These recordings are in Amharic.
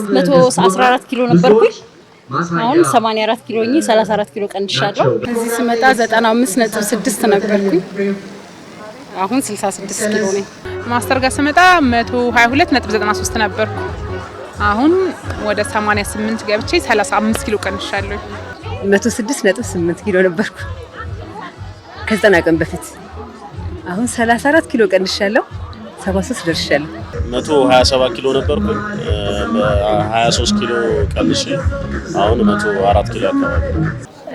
ስመጣ 114 ኪሎ ነበርኩኝ። አሁን 84 ኪሎ ሆኜ 34 ኪሎ ቀንሻለሁ። እዚህ ስመጣ 6 ነበርኩኝ። አሁን 66 ኪሎ ነኝ። ማስተር ጋር ስመጣ 93 ነበርኩ። አሁን ወደ 88 ገብቼ 35 ኪሎ ቀንሻለሁ። 8 ኪሎ ነበርኩ ከዘጠና ቀን በፊት አሁን 34 ኪሎ ቀንሻለሁ። 73 ደርሻለሁ። 127 ኪሎ ነበርኩ። 23 ኪሎ ቀንሼ አሁን 104 ኪሎ አካባቢ።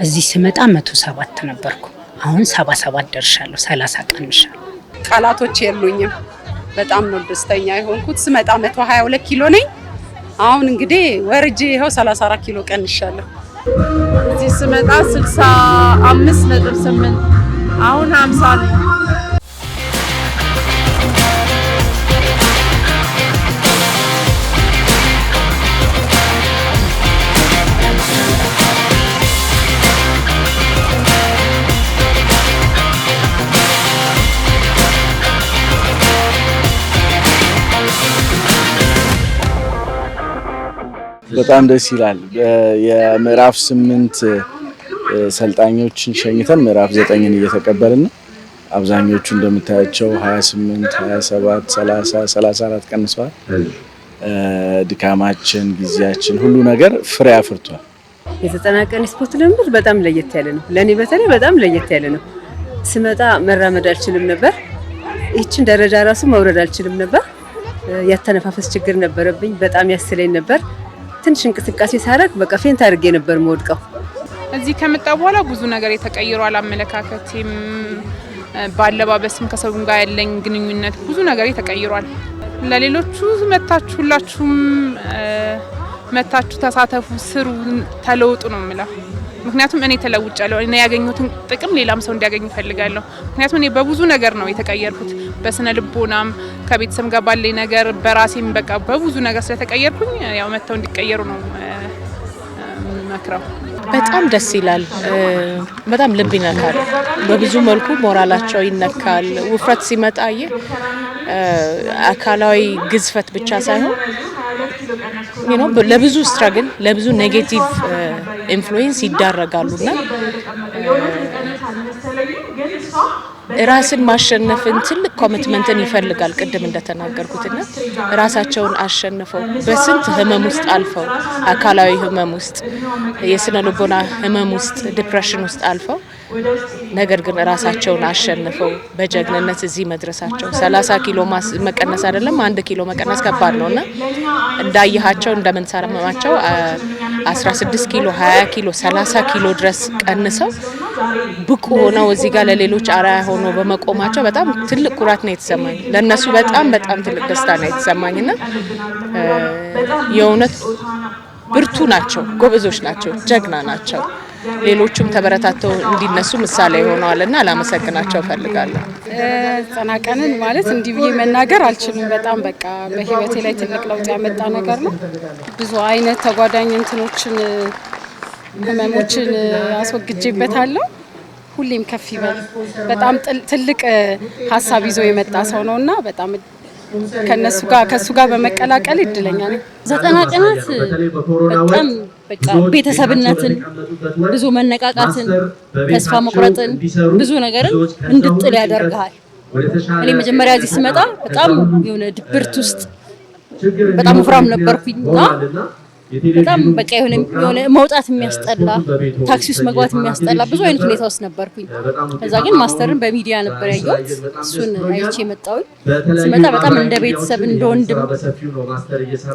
እዚህ ስመጣ 107 ነበርኩ። አሁን 77 ደርሻለሁ። 30 ቀንሻለሁ። ቃላቶች የሉኝም። በጣም ነው ደስተኛ የሆንኩት። ስመጣ 122 ኪሎ ነኝ። አሁን እንግዲህ ወርጄ ይኸው 34 ኪሎ ቀንሻለሁ። እዚህ ስመጣ 65 ነጥብ 8 አሁን 50 ነኝ። በጣም ደስ ይላል። የምዕራፍ ስምንት ሰልጣኞችን ሸኝተን ምዕራፍ ዘጠኝን እየተቀበልን ነው። አብዛኞቹ እንደምታያቸው 28፣ 27፣ 30፣ 34 ቀንሰዋል። ድካማችን፣ ጊዜያችን፣ ሁሉ ነገር ፍሬ አፍርቷል። የተጠናቀን ስፖርት ልምምድ በጣም ለየት ያለ ነው። ለእኔ በተለይ በጣም ለየት ያለ ነው። ስመጣ መራመድ አልችልም ነበር። ይችን ደረጃ ራሱ መውረድ አልችልም ነበር። ያተነፋፈስ ችግር ነበረብኝ። በጣም ያስለኝ ነበር። ትንሽ እንቅስቃሴ ሳረግ በቃ ፌንት አድርጌ ነበር መወድቀው። እዚህ ከመጣ በኋላ ብዙ ነገር የተቀይሯል። አመለካከቴም፣ በአለባበስም፣ ከሰውም ጋር ያለኝ ግንኙነት ብዙ ነገር ተቀይሯል። ለሌሎቹ መታችሁ ሁላችሁም መታችሁ ተሳተፉ፣ ስሩ፣ ተለውጡ ነው የምለው። ምክንያቱም እኔ ተለውጫለሁ። እኔ ያገኙትን ጥቅም ሌላም ሰው እንዲያገኝ ይፈልጋለሁ። ምክንያቱም እኔ በብዙ ነገር ነው የተቀየርኩት። በስነ ልቦናም ከቤተሰብ ጋር ባለኝ ነገር በራሴም በቃ በብዙ ነገር ስለተቀየርኩኝ ያው መጥተው እንዲቀየሩ ነው መክረው። በጣም ደስ ይላል። በጣም ልብ ይነካል። በብዙ መልኩ ሞራላቸው ይነካል። ውፍረት ሲመጣ የ አካላዊ ግዝፈት ብቻ ሳይሆን ለብዙ ስትራግል ለብዙ ኔጌቲቭ ኢንፍሉዌንስ ይዳረጋሉና ራስን ማሸነፍን ትልቅ ኮሚትመንትን ይፈልጋል። ቅድም እንደተናገርኩትና ራሳቸውን አሸንፈው በስንት ህመም ውስጥ አልፈው አካላዊ ህመም ውስጥ፣ የስነ ልቦና ህመም ውስጥ፣ ዲፕሬሽን ውስጥ አልፈው ነገር ግን ራሳቸውን አሸንፈው በጀግንነት እዚህ መድረሳቸው ሰላሳ ኪሎ መቀነስ አይደለም አንድ ኪሎ መቀነስ ከባድ ነው እና እንዳየሃቸው እንደምንሰማቸው አስራ ስድስት ኪሎ ሀያ ኪሎ ሰላሳ ኪሎ ድረስ ቀንሰው ብቁ ሆነው እዚህ ጋር ለሌሎች አርአያ ሆኖ በመቆማቸው በጣም ትልቅ ኩራት ነው የተሰማኝ። ለእነሱ በጣም በጣም ትልቅ ደስታ ነው የተሰማኝ እና የእውነት ብርቱ ናቸው፣ ጎበዞች ናቸው፣ ጀግና ናቸው። ሌሎችም ተበረታተው እንዲነሱ ምሳሌ ሆነዋል እና ላመሰግናቸው እፈልጋለሁ። ጸናቀንን ማለት እንዲህ ብዬ መናገር አልችልም። በጣም በቃ በህይወቴ ላይ ትልቅ ለውጥ ያመጣ ነገር ነው። ብዙ አይነት ተጓዳኝ እንትኖችን ህመሞችን አስወግጄበታለሁ። ሁሌም ከፍ ይበል። በጣም ትልቅ ሀሳብ ይዞ የመጣ ሰው ነው እና በጣም ከነሱ ጋር ከእሱ ጋር በመቀላቀል እድለኛ ነኝ። ዘጠና ቀናት በጣም በቃ ቤተሰብነትን፣ ብዙ መነቃቃትን፣ ተስፋ መቁረጥን፣ ብዙ ነገርን እንድጥል ያደርግሃል። እኔ መጀመሪያ እዚህ ስመጣ በጣም የሆነ ድብርት ውስጥ በጣም ወፍራም ነበርኩኝ እና በጣም በቃ የሆነ የሆነ መውጣት የሚያስጠላ ታክሲ ውስጥ መግባት የሚያስጠላ ብዙ አይነት ሁኔታ ውስጥ ነበርኩኝ። ከዛ ግን ማስተርን በሚዲያ ነበር ያየሁት። እሱን አይቼ መጣሁኝ። ስመጣ በጣም እንደ ቤተሰብ እንደ ወንድም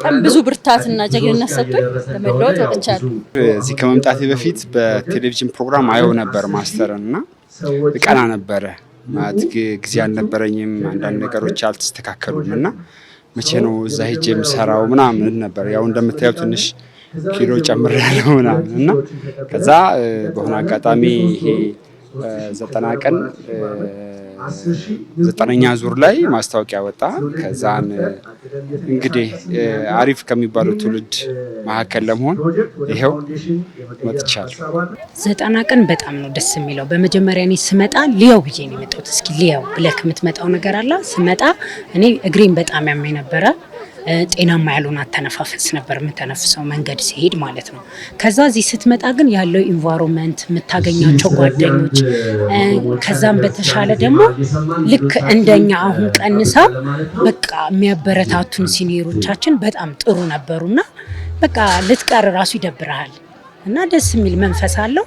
በጣም ብዙ ብርታትና ጀግንነት ሰጥቶኝ ለመለወጥ ወጥቻለሁ። እዚህ ከመምጣቴ በፊት በቴሌቪዥን ፕሮግራም አየው ነበር ማስተርን እና ቀና ነበረ ማለት ጊዜ አልነበረኝም። አንዳንድ ነገሮች አልተስተካከሉም እና መቼ ነው እዛ ሄጄ የምሰራው ምናምን ነበር። ያው እንደምታየው ትንሽ ኪሎ ጨምር ያለው ምናምን እና ከዛ በሆነ አጋጣሚ ይሄ ዘጠና ቀን ዘጠነኛ ዙር ላይ ማስታወቂያ ወጣ። ከዛን እንግዲህ አሪፍ ከሚባሉ ትውልድ መካከል ለመሆን ይኸው መጥቻል። ዘጠና ቀን በጣም ነው ደስ የሚለው። በመጀመሪያ እኔ ስመጣ ሊየው ብዬ ነው የመጣሁት። እስኪ ሊየው ብለክ የምትመጣው ነገር አለ ስመጣ እኔ እግሬን በጣም ያመኝ ነበረ ጤናማ ያልሆነ አተነፋፈስ ነበር የምተነፍሰው መንገድ ሲሄድ ማለት ነው። ከዛ እዚህ ስትመጣ ግን ያለው ኢንቫይሮንመንት የምታገኛቸው ጓደኞች፣ ከዛም በተሻለ ደግሞ ልክ እንደኛ አሁን ቀንሳ በቃ የሚያበረታቱን ሲኒየሮቻችን በጣም ጥሩ ነበሩና በቃ ልትቀር ራሱ ይደብረሃል እና ደስ የሚል መንፈስ አለው።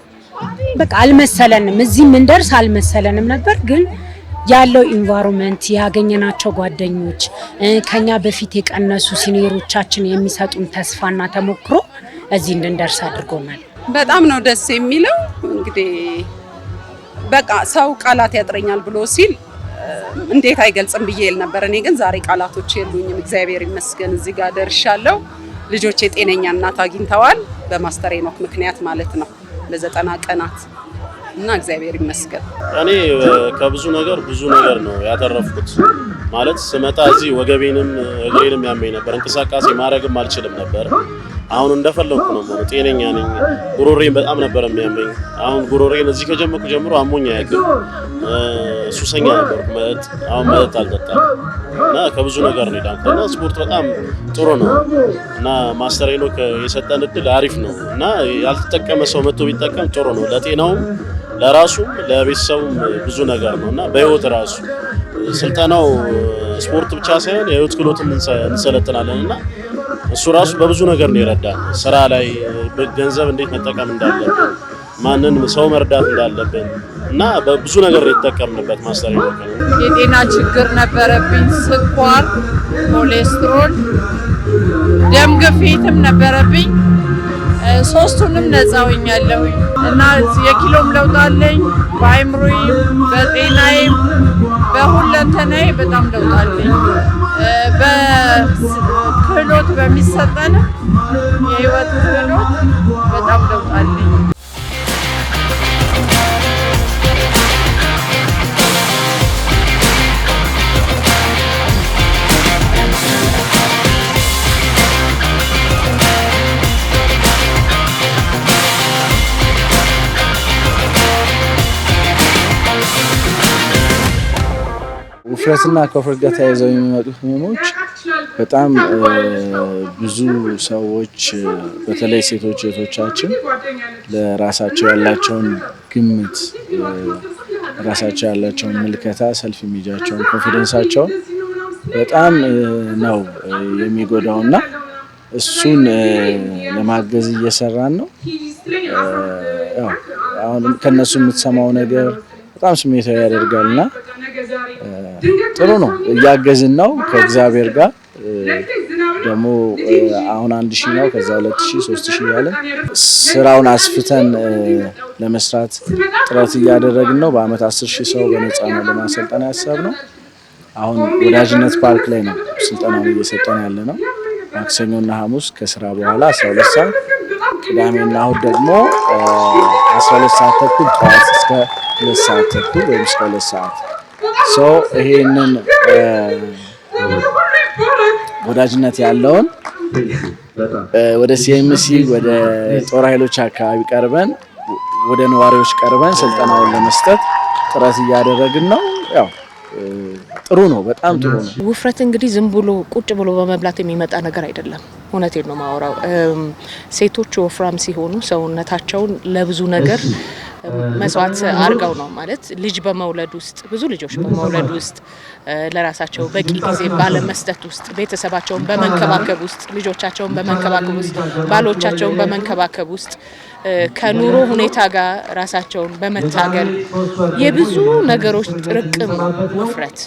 በቃ አልመሰለንም፣ እዚህ ምንደርስ አልመሰለንም ነበር ግን ያለው ኢንቫይሮንመንት ያገኘናቸው ጓደኞች፣ ከኛ በፊት የቀነሱ ሲኒየሮቻችን የሚሰጡን ተስፋና ተሞክሮ እዚህ እንድንደርስ አድርጎናል። በጣም ነው ደስ የሚለው። እንግዲህ በቃ ሰው ቃላት ያጥረኛል ብሎ ሲል እንዴት አይገልጽም ብዬ ይል ነበር። እኔ ግን ዛሬ ቃላቶች የሉኝም። እግዚአብሔር ይመስገን እዚህ ጋር ደርሻለሁ። ልጆች የጤነኛ እናት አግኝተዋል። በማስተር ሄኖክ ምክንያት ማለት ነው ለዘጠና ቀናት እና እግዚአብሔር ይመስገን። እኔ ከብዙ ነገር ብዙ ነገር ነው ያተረፍኩት። ማለት ስመጣ እዚህ ወገቤንም እግሬንም ያመኝ ነበር፣ እንቅስቃሴ ማድረግም አልችልም ነበር። አሁን እንደፈለኩ ነው ማለት ጤነኛ ነኝ። ጉሮሬን በጣም ነበር የሚያመኝ። አሁን ጉሮሬን እዚህ ከጀመርኩ ጀምሮ አሞኝ አያውቅም። ሱሰኛ ነበርኩ፣ መጠጥ አሁን መጠጥ አልጠጣም እና ከብዙ ነገር ነው ዳንኩ። እና ስፖርት በጣም ጥሩ ነው እና ማስተር ሄኖክ የሰጠን እድል አሪፍ ነው እና ያልተጠቀመ ሰው መጥቶ ቢጠቀም ጥሩ ነው ለጤናውም ለራሱም ለቤተሰቡም ብዙ ነገር ነው እና በህይወት ራሱ ስልጠናው ስፖርት ብቻ ሳይሆን የህይወት ክህሎትም እንሰለጥናለን እና እሱ ራሱ በብዙ ነገር ነው ይረዳል። ስራ ላይ ገንዘብ እንዴት መጠቀም እንዳለብን፣ ማንን ሰው መርዳት እንዳለብን እና በብዙ ነገር የተጠቀምንበት ማስተር የጤና ችግር ነበረብኝ፣ ስኳር፣ ኮሌስትሮል፣ ደም ግፊትም ነበረብኝ ሶስቱንም ነፃ ሆኛለሁ እና የኪሎም ለውጥ አለኝ። በአይምሮዬም፣ በጤናዬም፣ በሁለንተናዬ በጣም ለውጥ አለኝ። በክህሎት በሚሰጠን የህይወት ክህሎት በጣም ለውጥ አለኝ። ከውፍረትና ከውፍረት ጋር ተያይዘው የሚመጡ ህመሞች በጣም ብዙ ሰዎች በተለይ ሴቶች እህቶቻችን ለራሳቸው ያላቸውን ግምት፣ ራሳቸው ያላቸውን ምልከታ፣ ሰልፍ ሚዲያቸውን፣ ኮንፊደንሳቸውን በጣም ነው የሚጎዳውና እሱን ለማገዝ እየሰራን ነው። አሁን ከእነሱ የምትሰማው ነገር በጣም ስሜታዊ ያደርጋልና ጥሩ ነው፣ እያገዝን ነው ከእግዚአብሔር ጋር ደግሞ አሁን አንድ ሺህ ነው ከዛ ሁለት ሺህ ሶስት ሺህ እያለ ስራውን አስፍተን ለመስራት ጥረት እያደረግን ነው። በአመት አስር ሺህ ሰው በነፃ ነው ለማሰልጠን ያሰብ ነው። አሁን ወዳጅነት ፓርክ ላይ ነው ስልጠናውን እየሰጠን ያለ ነው። ማክሰኞና ሐሙስ ከስራ በኋላ አስራ ሁለት ሰዓት ቅዳሜና እሁድ ደግሞ አስራ ሁለት ሰዓት ተኩል ጠዋት እስከ ሁለት ሰዓት ተኩል ወይም እስከ ሁለት ሰዓት ሰው ይሄንን ወዳጅነት ያለውን ወደ ሲኤምሲ ወደ ጦር ኃይሎች አካባቢ ቀርበን ወደ ነዋሪዎች ቀርበን ስልጠናውን ለመስጠት ጥረት እያደረግን ነው። ያው ጥሩ ነው፣ በጣም ጥሩ ነው። ውፍረት እንግዲህ ዝም ብሎ ቁጭ ብሎ በመብላት የሚመጣ ነገር አይደለም። እውነቴን ነው ማወራው። ሴቶች ወፍራም ሲሆኑ ሰውነታቸውን ለብዙ ነገር መስዋዕት አድርገው ነው ማለት ልጅ በመውለድ ውስጥ ብዙ ልጆች በመውለድ ውስጥ ለራሳቸው በቂ ጊዜ ባለመስጠት ውስጥ ቤተሰባቸውን በመንከባከብ ውስጥ ልጆቻቸውን በመንከባከብ ውስጥ ባሎቻቸውን በመንከባከብ ውስጥ ከኑሮ ሁኔታ ጋር ራሳቸውን በመታገል የብዙ ነገሮች ጥርቅም ውፍረት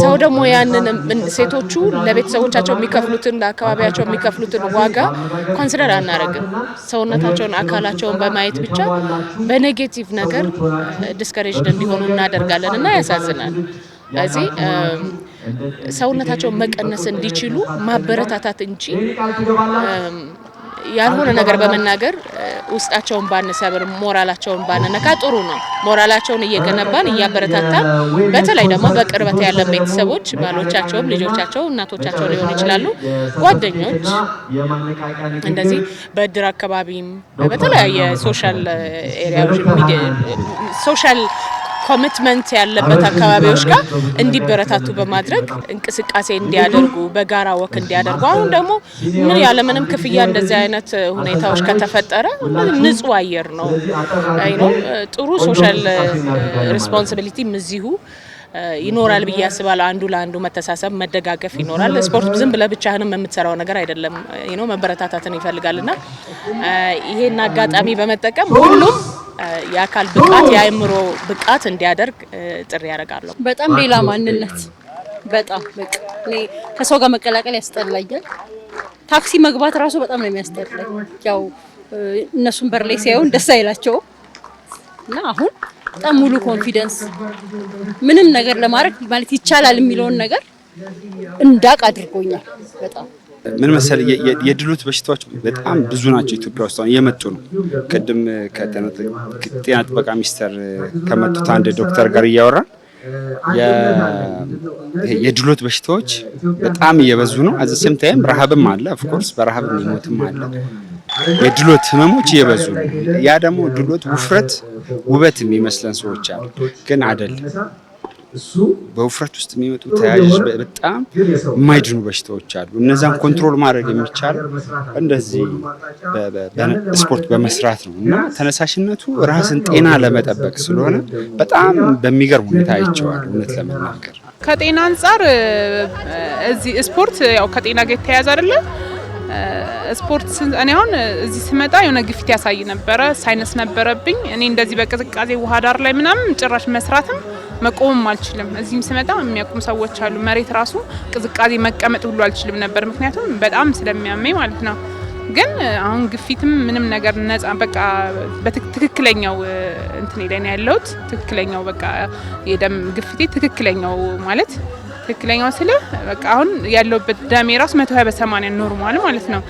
ሰው ደግሞ ያንን ሴቶቹ ለቤተሰቦቻቸው የሚከፍሉትን ለአካባቢያቸው የሚከፍሉትን ዋጋ ኮንሲደር አናደርግም። ሰውነታቸውን፣ አካላቸውን በማየት ብቻ በኔጌቲቭ ነገር ዲስከሬጅ እንዲሆኑ እናደርጋለን እና ያሳዝናል። ስለዚህ ሰውነታቸውን መቀነስ እንዲችሉ ማበረታታት እንጂ ያልሆነ ነገር በመናገር ውስጣቸውን ባንሰብር ሞራላቸውን ባንነካ ጥሩ ነው። ሞራላቸውን እየገነባን እያበረታታን፣ በተለይ ደግሞ በቅርበት ያለን ቤተሰቦች ባሎቻቸውም፣ ልጆቻቸው፣ እናቶቻቸው ሊሆኑ ይችላሉ፣ ጓደኞች እንደዚህ በእድር አካባቢም በተለያየ ሶሻል ኮሚትመንት ያለበት አካባቢዎች ጋር እንዲበረታቱ በማድረግ እንቅስቃሴ እንዲያደርጉ በጋራ ወክ እንዲያደርጉ አሁን ደግሞ ምን ያለምንም ክፍያ እንደዚህ አይነት ሁኔታዎች ከተፈጠረ ንጹህ አየር ነው ጥሩ ሶሻል ሪስፖንሲቢሊቲም እዚሁ ይኖራል ብዬ አስባለሁ። አንዱ ለአንዱ መተሳሰብ፣ መደጋገፍ ይኖራል። ስፖርት ዝም ብለህ ብቻህንም የምትሰራው ነገር አይደለም። ነው መበረታታትን ይፈልጋል እና ይሄን አጋጣሚ በመጠቀም ሁሉም የአካል ብቃት የአእምሮ ብቃት እንዲያደርግ ጥሪ ያደርጋለሁ። በጣም ሌላ ማንነት በጣም በቃ ከሰው ጋር መቀላቀል ያስጠላኛል። ታክሲ መግባት እራሱ በጣም ነው የሚያስጠላኝ። ያው እነሱን በር ላይ ሲያዩን ደስ አይላቸውም እና አሁን በጣም ሙሉ ኮንፊደንስ ምንም ነገር ለማድረግ ማለት ይቻላል የሚለውን ነገር እንዳቅ አድርጎኛል። በጣም ምን መሰል የድሎት በሽታዎች በጣም ብዙ ናቸው። ኢትዮጵያ ውስጥ አሁን እየመጡ ነው። ቅድም ከጤና ጥበቃ ሚኒስቴር ከመጡት አንድ ዶክተር ጋር እያወራን የድሎት በሽታዎች በጣም እየበዙ ነው። አዘ ታይም ረሃብም አለ። ኦፍኮርስ በረሃብ የሚሞትም አለ የድሎት ህመሞች እየበዙ ነው። ያ ደግሞ ድሎት ውፍረት ውበት የሚመስለን ሰዎች አሉ፣ ግን አይደለም። በውፍረት ውስጥ የሚመጡ ተያዥ በጣም የማይድኑ በሽታዎች አሉ። እነዛን ኮንትሮል ማድረግ የሚቻል እንደዚህ ስፖርት በመስራት ነው እና ተነሳሽነቱ ራስን ጤና ለመጠበቅ ስለሆነ በጣም በሚገርም ሁኔታ አይቸዋል። እውነት ለመናገር ከጤና አንጻር እዚህ ስፖርት ያው ከጤና ጋር የተያያዘ አይደለም ስፖርት እኔ አሁን እዚህ ስመጣ የሆነ ግፊት ያሳይ ነበረ፣ ሳይነስ ነበረብኝ። እኔ እንደዚህ በቅዝቃዜ ውሃ ዳር ላይ ምናምን ጭራሽ መስራትም መቆምም አልችልም። እዚህም ስመጣ የሚያቁም ሰዎች አሉ። መሬት ራሱ ቅዝቃዜ መቀመጥ ሁሉ አልችልም ነበር፣ ምክንያቱም በጣም ስለሚያመኝ ማለት ነው። ግን አሁን ግፊትም ምንም ነገር ነጻ በቃ በትክክለኛው እንትኔ ላይ ነው ያለሁት። ትክክለኛው በቃ የደም ግፊቴ ትክክለኛው ማለት ትክክለኛው ስለ በቃ አሁን ያለውበት ደሜ ራሱ መቶ ሀያ በሰማንያ ኖርማል ማለት ነው።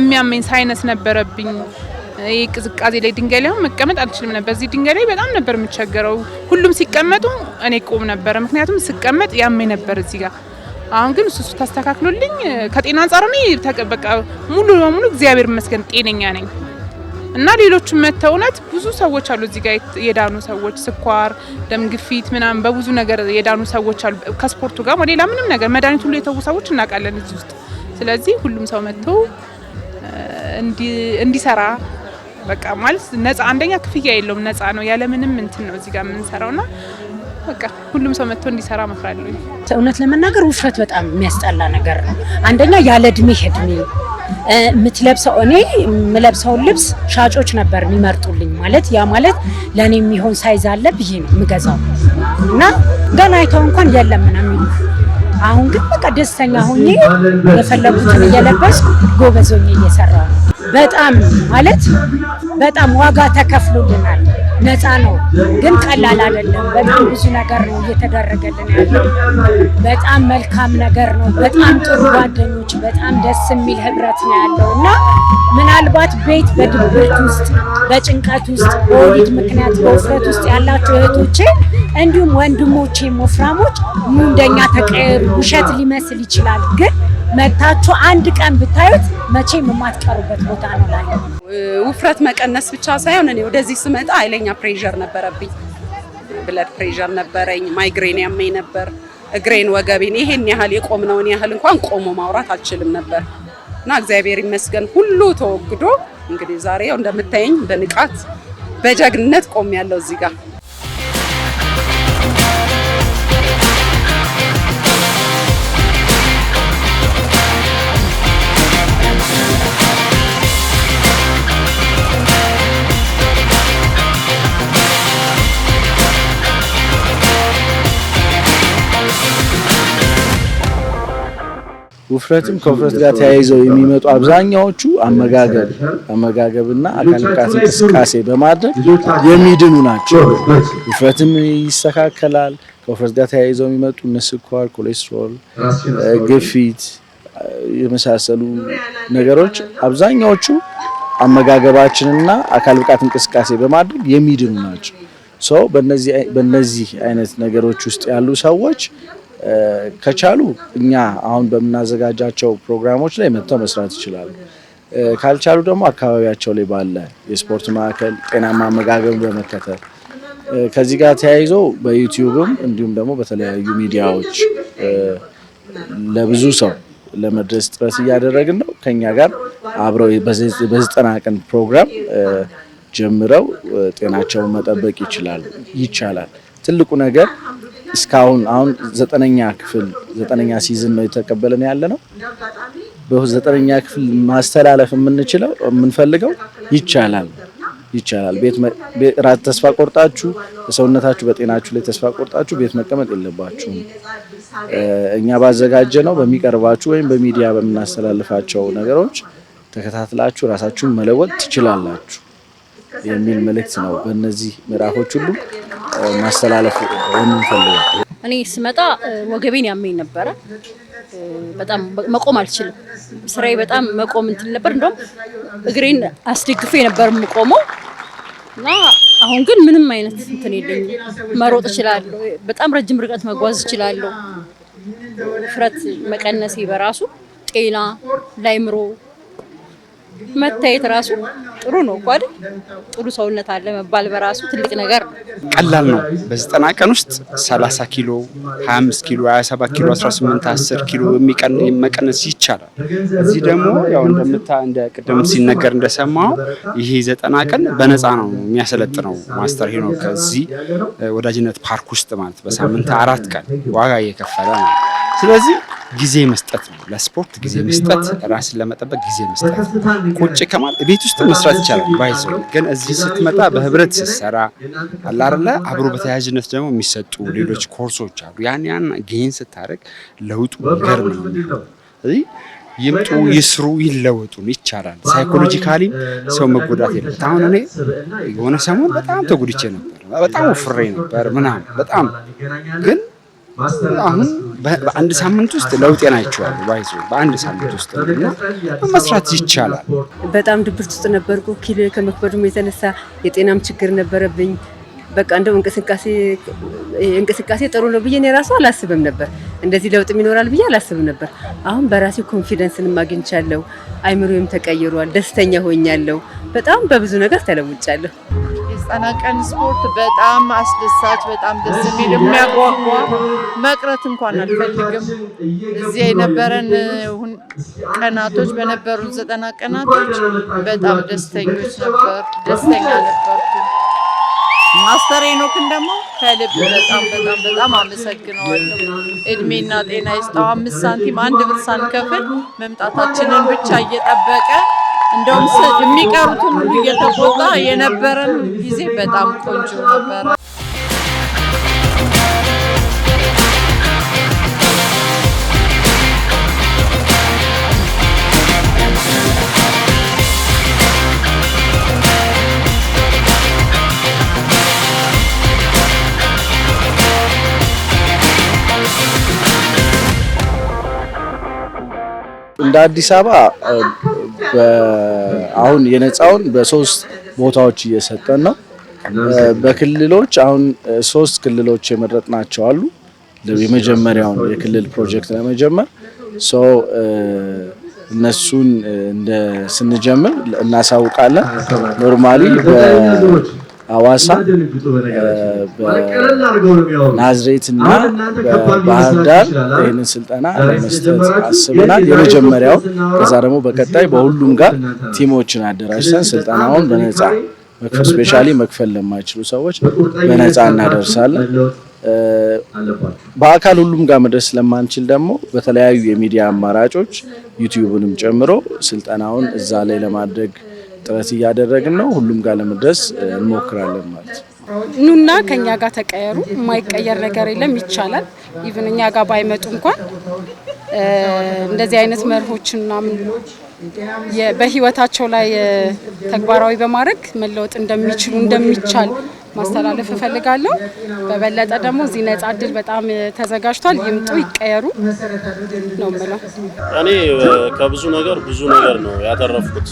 የሚያመኝ ሳይነስ ነበረብኝ። ይህ ቅዝቃዜ ላይ ድንጋይ ላይ መቀመጥ አልችልም ነበር። እዚህ ድንጋይ ላይ በጣም ነበር የምቸገረው። ሁሉም ሲቀመጡ እኔ ቆም ነበረ፣ ምክንያቱም ስቀመጥ ያመኝ ነበር እዚህ ጋር። አሁን ግን እሱ ተስተካክሎልኝ ከጤና አንጻር እኔ በቃ ሙሉ በሙሉ እግዚአብሔር ይመስገን ጤነኛ ነኝ። እና ሌሎችም መጥተው እውነት ብዙ ሰዎች አሉ እዚህ ጋር የዳኑ ሰዎች ስኳር፣ ደም ግፊት ምናምን በብዙ ነገር የዳኑ ሰዎች አሉ። ከስፖርቱ ጋር ሌላ ምንም ነገር መድኃኒት ሁሉ የተዉ ሰዎች እናውቃለን እዚህ ውስጥ። ስለዚህ ሁሉም ሰው መጥቶ እንዲሰራ በቃ ማለት ነፃ፣ አንደኛ ክፍያ የለውም ነፃ ነው። ያለምንም እንትን ነው እዚህ ጋር የምንሰራው ና በቃ ሁሉም ሰው መጥቶ እንዲሰራ እመክራለሁ። እውነት ለመናገር ውፍረት በጣም የሚያስጠላ ነገር ነው። አንደኛ ያለ እድሜ እድሜ የምትለብሰው እኔ የምለብሰውን ልብስ ሻጮች ነበር የሚመርጡልኝ። ማለት ያ ማለት ለእኔ የሚሆን ሳይዝ አለ ብዬ ነው የምገዛው እና ገና አይተው እንኳን የለም ምናምን። አሁን ግን በቃ ደስተኛ ሆኜ የፈለጉትን እየለበስኩ ጎበዞኝ እየሰራው ነው። በጣም ማለት በጣም ዋጋ ተከፍሎልናል። ነፃ ነው፣ ግን ቀላል አይደለም። በጣም ብዙ ነገር ነው እየተደረገልን ያለው። በጣም መልካም ነገር ነው። በጣም ጥሩ ጓደኞች፣ በጣም ደስ የሚል ህብረት ነው ያለው እና ምናልባት ቤት በድብርት ውስጥ፣ በጭንቀት ውስጥ፣ በወሊድ ምክንያት በውፍረት ውስጥ ያላቸው እህቶቼ እንዲሁም ወንድሞቼ ወፍራሞች ኑ እንደኛ ተቀየሩ። ውሸት ሊመስል ይችላል ግን መታችሁ አንድ ቀን ብታዩት መቼም የማትቀሩበት ቦታ ነው። ላይ ውፍረት መቀነስ ብቻ ሳይሆን እኔ ወደዚህ ስመጣ ኃይለኛ ፕሬዠር ነበረብኝ። ብለድ ፕሬዠር ነበረኝ፣ ማይግሬን ያመኝ ነበር፣ እግሬን፣ ወገቤን ይሄን ያህል የቆምነውን ያህል እንኳን ቆሞ ማውራት አልችልም ነበር እና እግዚአብሔር ይመስገን ሁሉ ተወግዶ እንግዲህ ዛሬ እንደምታየኝ በንቃት በጀግንነት ቆም ያለው እዚህ ጋር ውፍረትም ከውፍረት ጋር ተያይዘው የሚመጡ አብዛኛዎቹ አመጋገብ አመጋገብና አካል ብቃት እንቅስቃሴ በማድረግ የሚድኑ ናቸው። ውፍረትም ይስተካከላል። ከውፍረት ጋር ተያይዘው የሚመጡ እነ ስኳር፣ ኮሌስትሮል፣ ግፊት የመሳሰሉ ነገሮች አብዛኛዎቹ አመጋገባችንና አካል ብቃት እንቅስቃሴ በማድረግ የሚድኑ ናቸው። ሰው በነዚህ አይነት ነገሮች ውስጥ ያሉ ሰዎች ከቻሉ እኛ አሁን በምናዘጋጃቸው ፕሮግራሞች ላይ መጥተው መስራት ይችላሉ። ካልቻሉ ደግሞ አካባቢያቸው ላይ ባለ የስፖርት ማዕከል ጤናማ አመጋገብን በመከተል ከዚህ ጋር ተያይዞ በዩቲዩብም እንዲሁም ደግሞ በተለያዩ ሚዲያዎች ለብዙ ሰው ለመድረስ ጥረት እያደረግን ነው። ከኛ ጋር አብረው በዘጠና ቀን ፕሮግራም ጀምረው ጤናቸውን መጠበቅ ይችላል ይቻላል። ትልቁ ነገር እስካሁን አሁን ዘጠነኛ ክፍል ዘጠነኛ ሲዝን ነው የተቀበለን ያለ ነው። በዘጠነኛ ክፍል ማስተላለፍ የምንችለው የምንፈልገው ይቻላል ይቻላል። ራት ተስፋ ቆርጣችሁ በሰውነታችሁ በጤናችሁ ላይ ተስፋ ቆርጣችሁ ቤት መቀመጥ የለባችሁም። እኛ ባዘጋጀ ነው በሚቀርባችሁ ወይም በሚዲያ በምናስተላልፋቸው ነገሮች ተከታትላችሁ ራሳችሁን መለወጥ ትችላላችሁ። የሚል መልእክት ነው በእነዚህ ምዕራፎች ሁሉ ማስተላለፍ የምንፈልገው። እኔ ስመጣ ወገቤን ያመኝ ነበረ። በጣም መቆም አልችልም። ስራዬ በጣም መቆም እንትን ነበር። እንደውም እግሬን አስደግፌ ነበር የምቆመው እና አሁን ግን ምንም አይነት እንትን የለኝ። መሮጥ እችላለሁ። በጣም ረጅም ርቀት መጓዝ እችላለሁ። ፍረት መቀነሴ በራሱ ጤና ላይምሮ መታየት ራሱ ጥሩ ነው እኮ አይደል? ጥሩ ሰውነት አለ መባል በራሱ ትልቅ ነገር ነው። ቀላል ነው። በዘጠና ቀን ውስጥ 30 ኪሎ፣ 25 ኪሎ፣ 27 ኪሎ፣ 18፣ 10 ኪሎ መቀነስ ይቻላል። እዚህ ደግሞ ያው እንደምታ እንደ ቅድም ሲነገር እንደሰማው ይሄ ዘጠና ቀን በነፃ ነው የሚያሰለጥነው ማስተር ሄኖ እዚህ ወዳጅነት ፓርክ ውስጥ ማለት በሳምንት አራት ቀን ዋጋ እየከፈለ ነው። ስለዚህ ጊዜ መስጠት ነው። ለስፖርት ጊዜ መስጠት፣ ራስን ለመጠበቅ ጊዜ መስጠት። ቁጭ ከማል ቤት ውስጥ መስራት ይቻላል ባይዘ ግን እዚህ ስትመጣ በህብረት ስትሰራ አላርለ አብሮ በተያያዥነት ደግሞ የሚሰጡ ሌሎች ኮርሶች አሉ። ያን ያን ጌን ስታደርግ ለውጡ ይገርም ነው። ይምጡ፣ ይስሩ፣ ይለወጡ፣ ይቻላል። ሳይኮሎጂካሊ ሰው መጎዳት የለም። አሁን እኔ የሆነ ሰሞን በጣም ተጎድቼ ነበር፣ በጣም ወፍሬ ነበር ምናምን በጣም ግን አሁን በአንድ ሳምንት ውስጥ ለውጥ ናቸዋል ባይዞ በአንድ ሳምንት ውስጥ እና መስራት ይቻላል። በጣም ድብርት ውስጥ ነበርኩ። ኪሎ ከመክበዱም የተነሳ የጤናም ችግር ነበረብኝ። በቃ እንደው እንቅስቃሴ ጥሩ ነው ብዬ እኔ ራሱ አላስብም ነበር። እንደዚህ ለውጥ ይኖራል ብዬ አላስብም ነበር። አሁን በራሴ ኮንፊደንስንም አግኝቻለሁ። አይምሮዬም ተቀይሯል። ደስተኛ ሆኛለሁ። በጣም በብዙ ነገር ተለውጫለሁ። የህፃናት ቀን ስፖርት በጣም አስደሳች፣ በጣም ደስ የሚል የሚያጓጓ መቅረት እንኳን አልፈልግም። እዚህ የነበረን ቀናቶች በነበሩን ዘጠና ቀናቶች በጣም ደስተኞች ነበር፣ ደስተኛ ነበርኩ። ማስተር ሄኖክን ደግሞ ከልብ በጣም በጣም በጣም አመሰግነዋለሁ። እድሜና ጤና ይስጠው። አምስት ሳንቲም አንድ ብር ሳንከፍል መምጣታችንን ብቻ እየጠበቀ እንደውም የሚቀሩትን ሁሉ እየተቆጣ የነበረን ጊዜ በጣም ቆንጆ ነበረ። እንደ አዲስ አበባ አሁን የነፃውን በሶስት ቦታዎች እየሰጠን ነው። በክልሎች አሁን ሶስት ክልሎች የመረጥናቸው አሉ። የመጀመሪያውን የክልል ፕሮጀክት ለመጀመር ሰው እነሱን ስንጀምር እናሳውቃለን። ኖርማሊ አዋሳ፣ ናዝሬት እና ባህር ዳር ይህንን ስልጠና ለመስጠት አስበናል። የመጀመሪያው ከዛ ደግሞ በቀጣይ በሁሉም ጋር ቲሞችን አደራጅተን ስልጠናውን በነፃ ስፔሻሊ መክፈል ለማይችሉ ሰዎች በነፃ እናደርሳለን። በአካል ሁሉም ጋር መድረስ ስለማንችል ደግሞ በተለያዩ የሚዲያ አማራጮች ዩቲዩብንም ጨምሮ ስልጠናውን እዛ ላይ ለማድረግ ጥረት እያደረግን ነው። ሁሉም ጋር ለመድረስ እንሞክራለን ማለት ነው። ኑና ከኛ ጋር ተቀየሩ። የማይቀየር ነገር የለም፣ ይቻላል። ኢቭን እኛ ጋር ባይመጡ እንኳን እንደዚህ አይነት መርሆችና በህይወታቸው ላይ ተግባራዊ በማድረግ መለወጥ እንደሚችሉ እንደሚቻል ማስተላለፍ እፈልጋለሁ። በበለጠ ደግሞ እዚህ ነጻ እድል በጣም ተዘጋጅቷል። ይምጡ፣ ይቀየሩ ነው የምለው። እኔ ከብዙ ነገር ብዙ ነገር ነው ያተረፍኩት።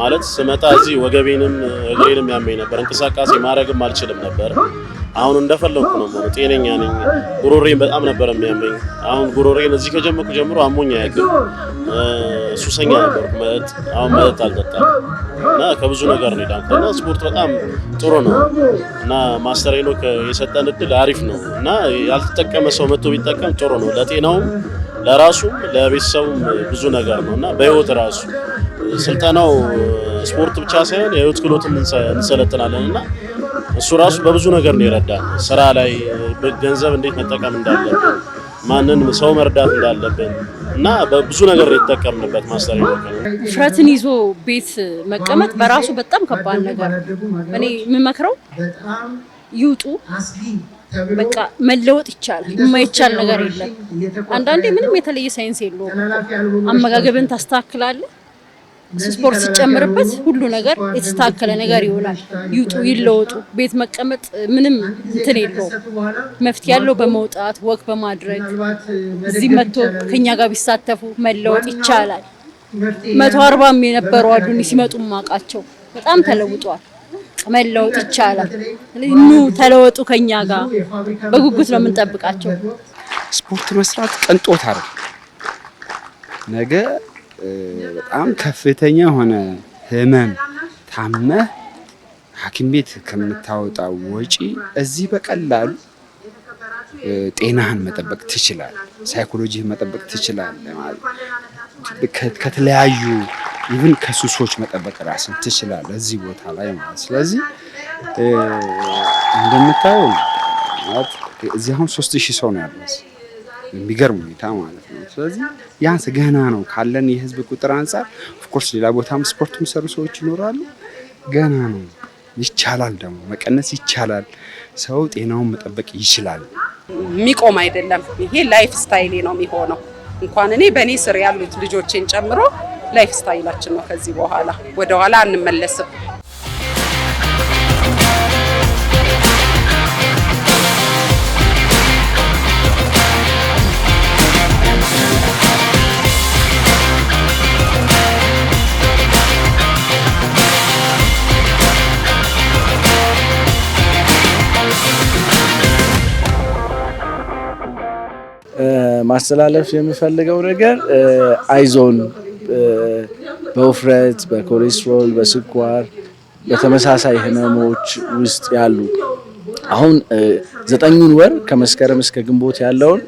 ማለት ስመጣ እዚህ ወገቤንም እግሬንም ያመኝ ነበር። እንቅስቃሴ ማድረግም አልችልም ነበር። አሁን እንደፈለኩ ነው ማለት ጤነኛ ነኝ። ጉሮሬን በጣም ነበር የሚያመኝ። አሁን ጉሮሬን እዚህ ከጀመርኩ ጀምሮ አሞኛ ያገኝ ሱሰኛ ነበር። መጠጥ አሁን መጠጥ አልጠጣም እና ከብዙ ነገር ነው ዳንኩ እና ስፖርት በጣም ጥሩ ነው እና ማስተር ሄኖክ የሰጠን እድል አሪፍ ነው እና ያልተጠቀመ ሰው መጥቶ ቢጠቀም ጥሩ ነው ለጤናውም፣ ለራሱም፣ ለቤተሰቡም ብዙ ነገር ነው እና በህይወት ራሱ ስልጠናው ስፖርት ብቻ ሳይሆን የህይወት ክህሎትም እንሰለጥናለን እና እሱ ራሱ በብዙ ነገር ነው ይረዳል። ስራ ላይ ገንዘብ እንዴት መጠቀም እንዳለብን፣ ማንን ሰው መርዳት እንዳለብን እና በብዙ ነገር የተጠቀምንበት ማስተር ፍረትን ይዞ ቤት መቀመጥ በራሱ በጣም ከባድ ነገር። እኔ የምመክረው ይውጡ፣ በቃ መለወጥ ይቻላል። የማይቻል ነገር የለም። አንዳንዴ ምንም የተለየ ሳይንስ የለውም። አመጋገብን ታስተካክላለህ ስፖርት ሲጨምርበት ሁሉ ነገር የተስተካከለ ነገር ይሆናል። ይውጡ፣ ይለወጡ። ቤት መቀመጥ ምንም እንትን የለውም። መፍትሄ ያለው በመውጣት ወቅ በማድረግ እዚህ መጥቶ ከኛ ጋር ቢሳተፉ መለወጥ ይቻላል። መቶ አርባም የነበሩ አሉ ሲመጡ ማቃቸው በጣም ተለውጧል። መለወጥ ይቻላል። ኑ ተለወጡ ከኛ ጋር በጉጉት ነው የምንጠብቃቸው። ስፖርት መስራት ቅንጦት አይደል ነገ በጣም ከፍተኛ የሆነ ህመም ታመህ ሐኪም ቤት ከምታወጣው ወጪ እዚህ በቀላሉ ጤናህን መጠበቅ ትችላል፣ ሳይኮሎጂህን መጠበቅ ትችላል። ማለት ከተለያዩ ይህን ከሱሶች መጠበቅ ራስን ትችላል እዚህ ቦታ ላይ ማለት። ስለዚህ እንደምታየው እዚህ አሁን ሶስት ሺህ ሰው ነው ያለው። የሚገርም ሁኔታ ማለት ነው። ስለዚህ ያንስ ገና ነው ካለን የህዝብ ቁጥር አንጻር ኦፍኮርስ ሌላ ቦታም ስፖርት የሚሰሩ ሰዎች ይኖራሉ። ገና ነው። ይቻላል፣ ደግሞ መቀነስ ይቻላል። ሰው ጤናውን መጠበቅ ይችላል። የሚቆም አይደለም። ይሄ ላይፍ ስታይሌ ነው የሚሆነው። እንኳን እኔ በእኔ ስር ያሉት ልጆችን ጨምሮ ላይፍ ስታይላችን ነው። ከዚህ በኋላ ወደኋላ አንመለስም። ማስተላለፍ የምፈልገው ነገር አይዞን፣ በውፍረት በኮሌስትሮል በስኳር በተመሳሳይ ህመሞች ውስጥ ያሉ አሁን ዘጠኙን ወር ከመስከረም እስከ ግንቦት ያለውን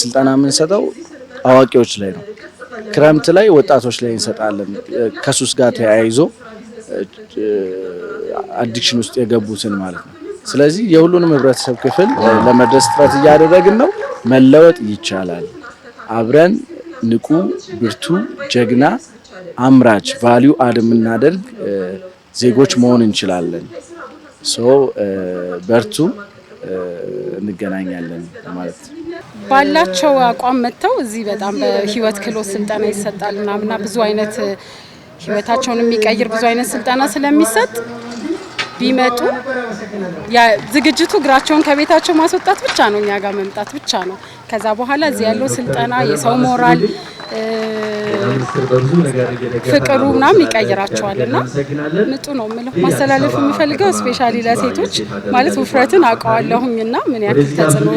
ስልጠና የምንሰጠው አዋቂዎች ላይ ነው። ክረምት ላይ ወጣቶች ላይ እንሰጣለን። ከሱስ ጋር ተያይዞ አዲክሽን ውስጥ የገቡትን ማለት ነው። ስለዚህ የሁሉንም ህብረተሰብ ክፍል ለመድረስ ጥረት እያደረግን ነው። መለወጥ ይቻላል። አብረን ንቁ፣ ብርቱ፣ ጀግና፣ አምራች ቫሊዩ አድ የምናደርግ ዜጎች መሆን እንችላለን። ሶ በርቱ፣ እንገናኛለን ማለት ባላቸው አቋም መጥተው እዚህ በጣም በህይወት ክህሎት ስልጠና ይሰጣል ምናምና ብዙ አይነት ህይወታቸውን የሚቀይር ብዙ አይነት ስልጠና ስለሚሰጥ ቢመጡ ዝግጅቱ እግራቸውን ከቤታቸው ማስወጣት ብቻ ነው፣ እኛ ጋር መምጣት ብቻ ነው። ከዛ በኋላ እዚህ ያለው ስልጠና የሰው ሞራል ፍቅሩ ምናምን ይቀይራቸዋል እና ምጡ ነው ምለው ማስተላለፍ የምፈልገው ስፔሻሊ ለሴቶች ማለት ውፍረትን አውቀዋለሁኝ እና ምን ያክል ተጽዕኖ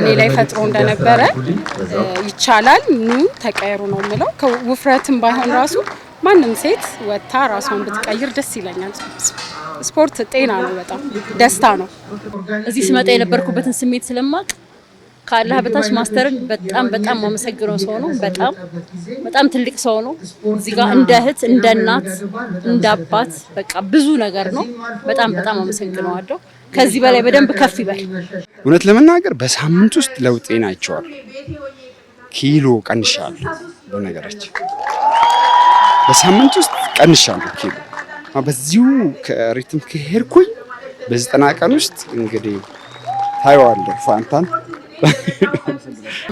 እኔ ላይ ፈጥሮ እንደነበረ ይቻላል። ኑ ተቀየሩ ነው ምለው። ውፍረትን ባይሆን ራሱ ማንም ሴት ወጥታ ራሷን ብትቀይር ደስ ይለኛል። ስፖርት ጤና ነው፣ በጣም ደስታ ነው። እዚህ ስመጣ የነበርኩበትን ስሜት ስለማቅ ከአላህ በታች ማስተርን በጣም በጣም ማመሰግነው ሰው ነው። በጣም በጣም ትልቅ ሰው ነው። እዚህ ጋር እንደ እህት፣ እንደ እናት፣ እንደ አባት በቃ ብዙ ነገር ነው። በጣም በጣም አመሰግነዋለሁ። ከዚህ በላይ በደንብ ከፍ ይበል። እውነት ለመናገር በሳምንት ውስጥ ለውጤን አይቼዋለሁ። ኪሎ ቀንሻለሁ። በነገራችን በሳምንት ውስጥ ቀንሻለሁ ኪሎ በዚሁ ከሪትም ከሄድኩኝ በዘጠና ቀን ውስጥ እንግዲህ ታየዋለሁ ፋንታን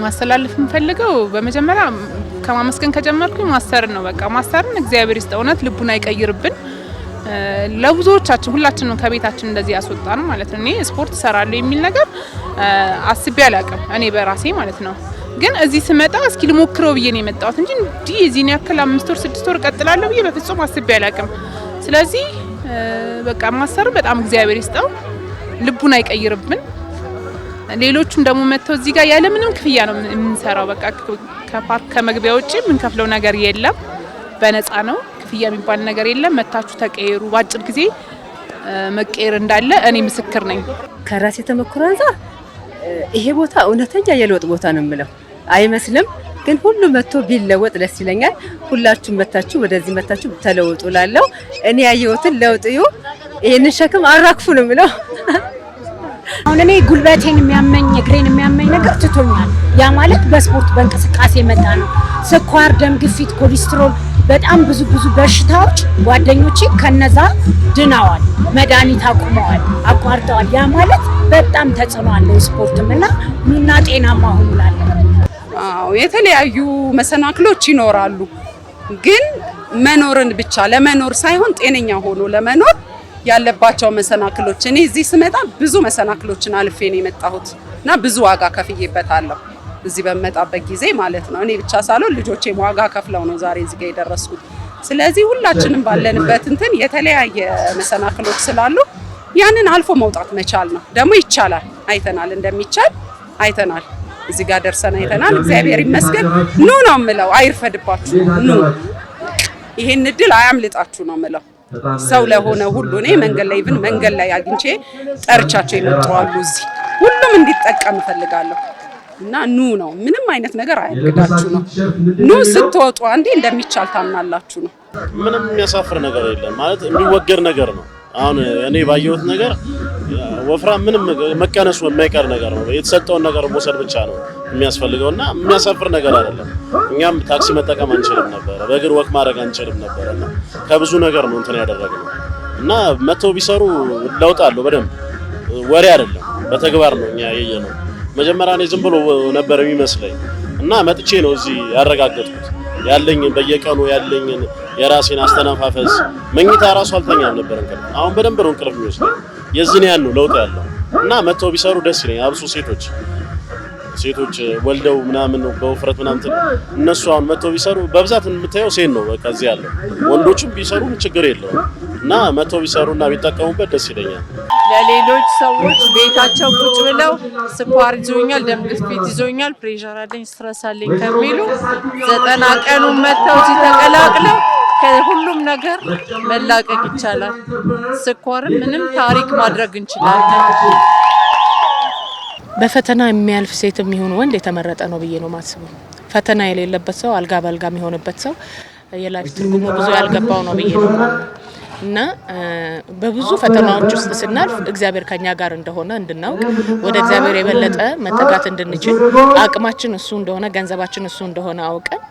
ማስተላለፍ የምፈልገው በመጀመሪያ ከማመስገን ከጀመርኩኝ ማስተርን ነው። በቃ ማስተርን እግዚአብሔር ይስጥ፣ እውነት ልቡን አይቀይርብን። ለብዙዎቻችን ሁላችንም ከቤታችን እንደዚህ ያስወጣ ነው ማለት ነው። እኔ ስፖርት እሰራለሁ የሚል ነገር አስቤ አላቅም፣ እኔ በራሴ ማለት ነው። ግን እዚህ ስመጣ እስኪ ልሞክረው ብዬ ነው የመጣሁት እንጂ እንዲህ የዚህን ያክል አምስት ወር ስድስት ወር እቀጥላለሁ ብዬ በፍጹም አስቤ አላቅም። ስለዚህ በቃ ማሰር በጣም እግዚአብሔር ይስጠው፣ ልቡን አይቀይርብን። ሌሎቹም ደግሞ መጥተው እዚህ ጋር ምንም ክፍያ ነው የምንሰራው። በቃ ከፓርክ ከመግቢያ ውጭ የምንከፍለው ነገር የለም፣ በነፃ ነው። ክፍያ የሚባል ነገር የለም። መታችሁ ተቀየሩ። በአጭር ጊዜ መቀየር እንዳለ እኔ ምስክር ነኝ። ከራሴ ተሞክሮ አንጻር ይሄ ቦታ እውነተኛ የለውጥ ቦታ ነው የምለው አይመስልም። ግን ሁሉ መጥቶ ቢለወጥ ደስ ይለኛል። ሁላችሁም መታችሁ ወደዚህ መታችሁ ተለውጡ ላለው እኔ ያየሁትን ለውጥ እዩ። ይህንን ሸክም አራክፉ ነው የምለው። አሁን እኔ ጉልበቴን የሚያመኝ እግሬን የሚያመኝ ነገር ትቶኛል። ያ ማለት በስፖርት በእንቅስቃሴ የመጣ ነው። ስኳር፣ ደም ግፊት፣ ኮሌስትሮል በጣም ብዙ ብዙ በሽታዎች ጓደኞቼ ከነዛ ድናዋል፣ መድኃኒት አቁመዋል፣ አቋርጠዋል። ያ ማለት በጣም ተጽዕኖ አለው ስፖርትም እና ኑና ጤናማ ሁኑላለን። አዎ የተለያዩ መሰናክሎች ይኖራሉ። ግን መኖርን ብቻ ለመኖር ሳይሆን ጤነኛ ሆኖ ለመኖር ያለባቸው መሰናክሎች እኔ እዚህ ስመጣ ብዙ መሰናክሎችን አልፌ ነው የመጣሁት እና ብዙ ዋጋ ከፍዬበታለሁ። እዚህ በመጣበት ጊዜ ማለት ነው። እኔ ብቻ ሳልሆን ልጆቼም ዋጋ ከፍለው ነው ዛሬ እዚህ ጋር የደረስኩት። ስለዚህ ሁላችንም ባለንበት እንትን የተለያየ መሰናክሎች ስላሉ ያንን አልፎ መውጣት መቻል ነው። ደግሞ ይቻላል። አይተናል፣ እንደሚቻል አይተናል። እዚህ ጋር ደርሰን አይተናል። እግዚአብሔር ይመስገን። ኑ ነው የምለው፣ አይርፈድባችሁ። ኑ ይሄን እድል አያምልጣችሁ ነው የምለው ሰው ለሆነ ሁሉ እኔ መንገድ ላይ ብን መንገድ ላይ አግኝቼ ጠርቻቸው ይመጣዋሉ። እዚህ ሁሉም እንዲጠቀም እፈልጋለሁ እና ኑ ነው ምንም አይነት ነገር አያግዳችሁ ነው። ኑ ስትወጡ አንዴ እንደሚቻል ታምናላችሁ ነው። ምንም የሚያሳፍር ነገር የለም ማለት የሚወገድ ነገር ነው። አሁን እኔ ባየሁት ነገር ወፍራም ምንም መቀነሱ የማይቀር ነገር ነው። የተሰጠውን ነገር መውሰድ ብቻ ነው የሚያስፈልገው እና የሚያሳፍር ነገር አይደለም። እኛም ታክሲ መጠቀም አንችልም ነበረ፣ በእግር ወክ ማድረግ አንችልም ነበረ እና ከብዙ ነገር ነው እንትን ያደረግነው እና መቶ ቢሰሩ ለውጥ አለው። በደንብ ወሬ አይደለም፣ በተግባር ነው እኛ ያየ ነው። መጀመሪያ እኔ ዝም ብሎ ነበር የሚመስለኝ እና መጥቼ ነው እዚህ ያረጋገጥኩት ያለኝን በየቀኑ ያለኝን የራሴን አስተነፋፈስ መኝታ ራሱ አልተኛም ነበር እንቅልፍ። አሁን በደንብ ነው እንቅልፍ የሚወስደው። የዚህን ያን ነው ለውጥ ያለው እና መጥተው ቢሰሩ ደስ ይለኛል። አብሶ ሴቶች ሴቶች ወልደው ምናምን በውፍረት ምናምን እነሱ አሁን መጥተው ቢሰሩ በብዛት የምታየው ሴት ነው በቃ እዚህ ያለው። ወንዶችም ቢሰሩ ችግር የለውም እና መጥተው ቢሰሩና ቢጠቀሙበት ደስ ይለኛል። ለሌሎች ሰዎች ቤታቸው ቁጭ ብለው ስኳር ይዞኛል፣ ደም ግፊት ይዞኛል፣ ፕሬሸር አለኝ፣ ስትረስ አለኝ ከሚሉ ዘጠና ቀኑን መጥተው ሲተቀላቅለው ከሁሉም ነገር መላቀቅ ይቻላል። ስኳርም ምንም ታሪክ ማድረግ እንችላለን። በፈተና የሚያልፍ ሴትም የሚሆን ወንድ የተመረጠ ነው ብዬ ነው ማስበው። ፈተና የሌለበት ሰው አልጋ በአልጋ የሚሆንበት ሰው የላጅ ትርጉሙ ብዙ ያልገባው ነው ብዬ ነው እና በብዙ ፈተናዎች ውስጥ ስናልፍ እግዚአብሔር ከኛ ጋር እንደሆነ እንድናውቅ ወደ እግዚአብሔር የበለጠ መጠጋት እንድንችል አቅማችን እሱ እንደሆነ ገንዘባችን እሱ እንደሆነ አውቀን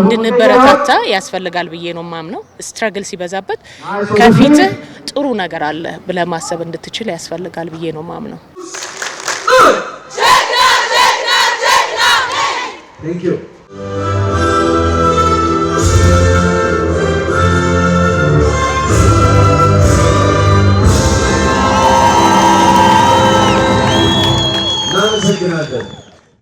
እንድንበረታታ ያስፈልጋል ብዬ ነው ማምነው። ስትረግል ሲበዛበት ከፊትህ ጥሩ ነገር አለ ብለህ ማሰብ እንድትችል ያስፈልጋል ብዬ ነው ማምነው። ነው። sagrada